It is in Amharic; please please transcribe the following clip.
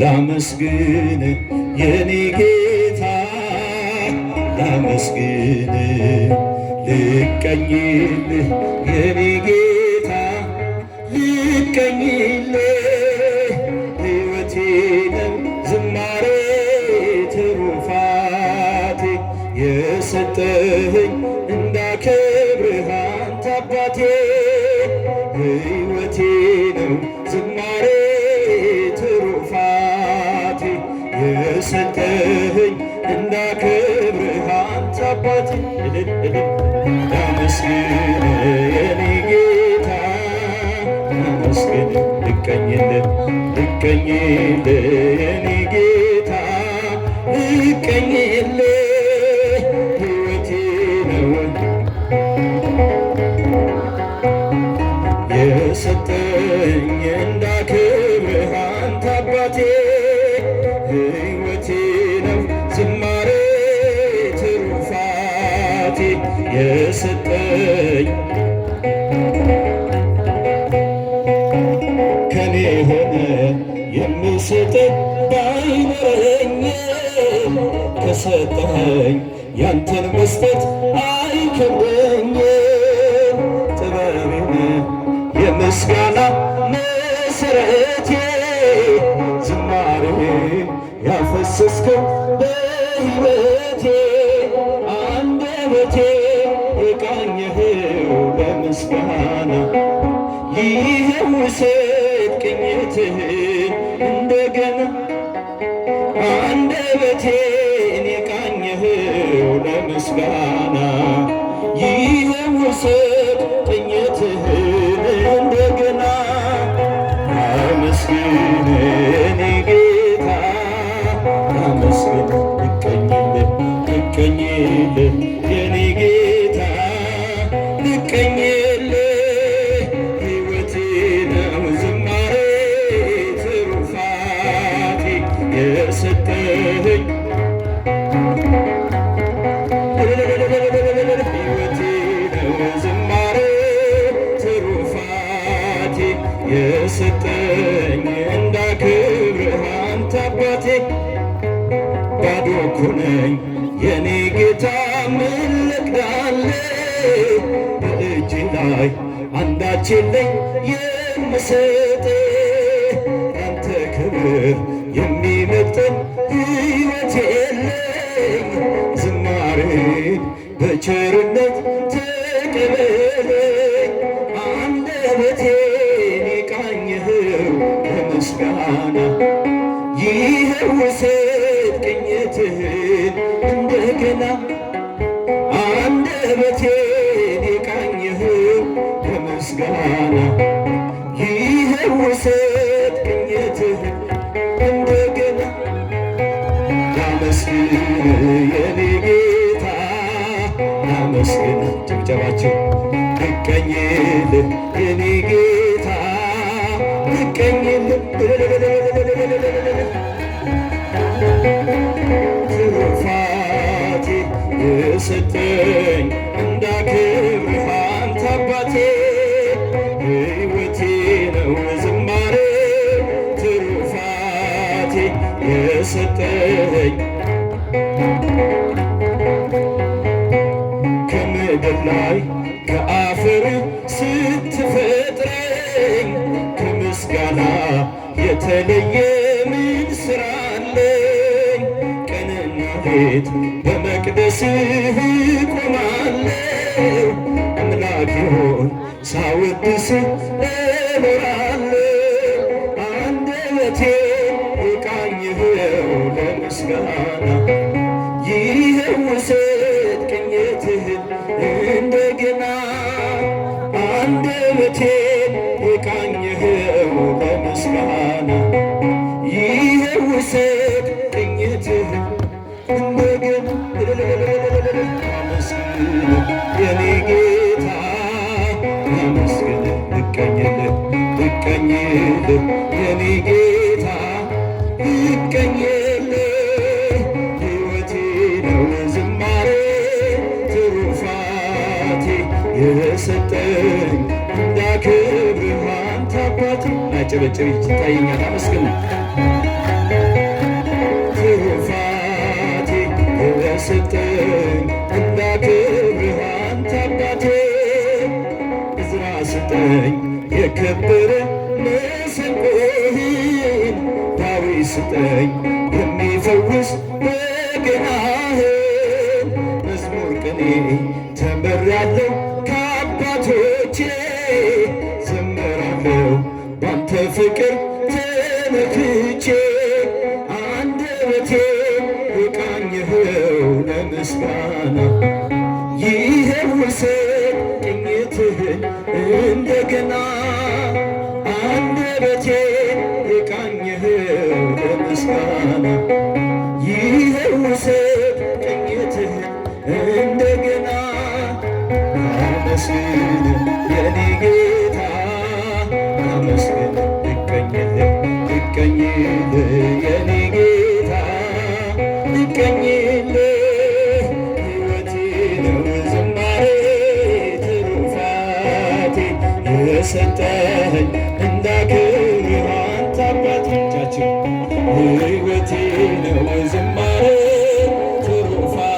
ላመስግን የኔ ጌታ ላመስግን ልቀኝል የኔ ጌታ ልቀኝል ሕይወቴንም ዝማሬ ትሩፋቴ የሰጠኸኝ እንዳከብርህ አንተ አባቴ አባት ተመስገን የኔ ጌታ ተመስገን ልቀኝልህ ልቀኝልህ የኔ ጌታ ልቀኝልህ ሕይወቴ ነው የሰጠኝ እንዳክብርህ አንተ አባቴ የሰጠኝ ከኔ ሆነ የምሰጠኝ ባይኖረኝ ከሰጠኸኝ ያንተን መስጠት አይከብደኝ። ጥበቤን የምስጋና መሰረቴ ዝማሬ ያፈሰስከው በሕይወቴ አንደበቴ ያበቃኝኸው ለምስጋና ይኸው ውሰድ እንደገና አንደበቴ የሰጠኝ እንዳከብርህ አንተ አባቴ ባዶ እኮ ነኝ የኔ ጌታ ምን ልክዳለሁ በእጅ ላይ አንዳች የለኝ የምሰጥ አንተ ክብር የሚመጥን ሕይወት የለኝ ዝማሬን በቸርነት ምስጋና ይህን ውስጥ ቅኝትህን እንደገና አንደበቴን የቃኘህን በምስጋና ይህን ውስጥ ቅኝትህን እንደገና ላመስግን የኔ ጌታ ላመስግን ጭብጨባቸው ልቀኝልን የኔ ጌታ ቀኝ የሰጠኝ የተለየ ምን ስራ አለኝ? ቀንና ሌት በመቅደስህ ቆማለሁ። አምላክ ሆይ ሳወድስህ እኖራለሁ። አንደበቴን የቃኘኸው ለምስጋና ይኸው ውሰድ ቅኝትህን እንደገና አንደበቴን የቃኘኸው ለምስጋና የኔ ጌታ ተመስገን እቀኝልህ እቀኝልህ የኔ ጌታ እቀኝልህ ህይወቴ ነው ዝማሬ ትሩፋቴ የሰጠኝ እንዳክብርህ አንተ አባቴ ናጨበጭብ ይታየኛል አመስግነው ስጠኝ የከበረ መሰንቆህን ዳዊት ስጠኝ የሚፈውስ በገናህን መዝሙር ቅኔ ተመራለሁ ከአባቶቼ ዘመራለሁ ባንተ ፍቅር ተነክቼ አንደበቴ ወቃኝኸው ለምስጋና ቃልህን እንደገና አንደበቴን የቃኘኸው በምስጋና ይኸው ቅኝትህን እንደገና አመስግን የኔ ጌታ አመስግን ሰጠኸኝ እንደ ክብር አንተ አባቶቻችን ሕይወቴ ነው ዝማሬ ትሩፋቴ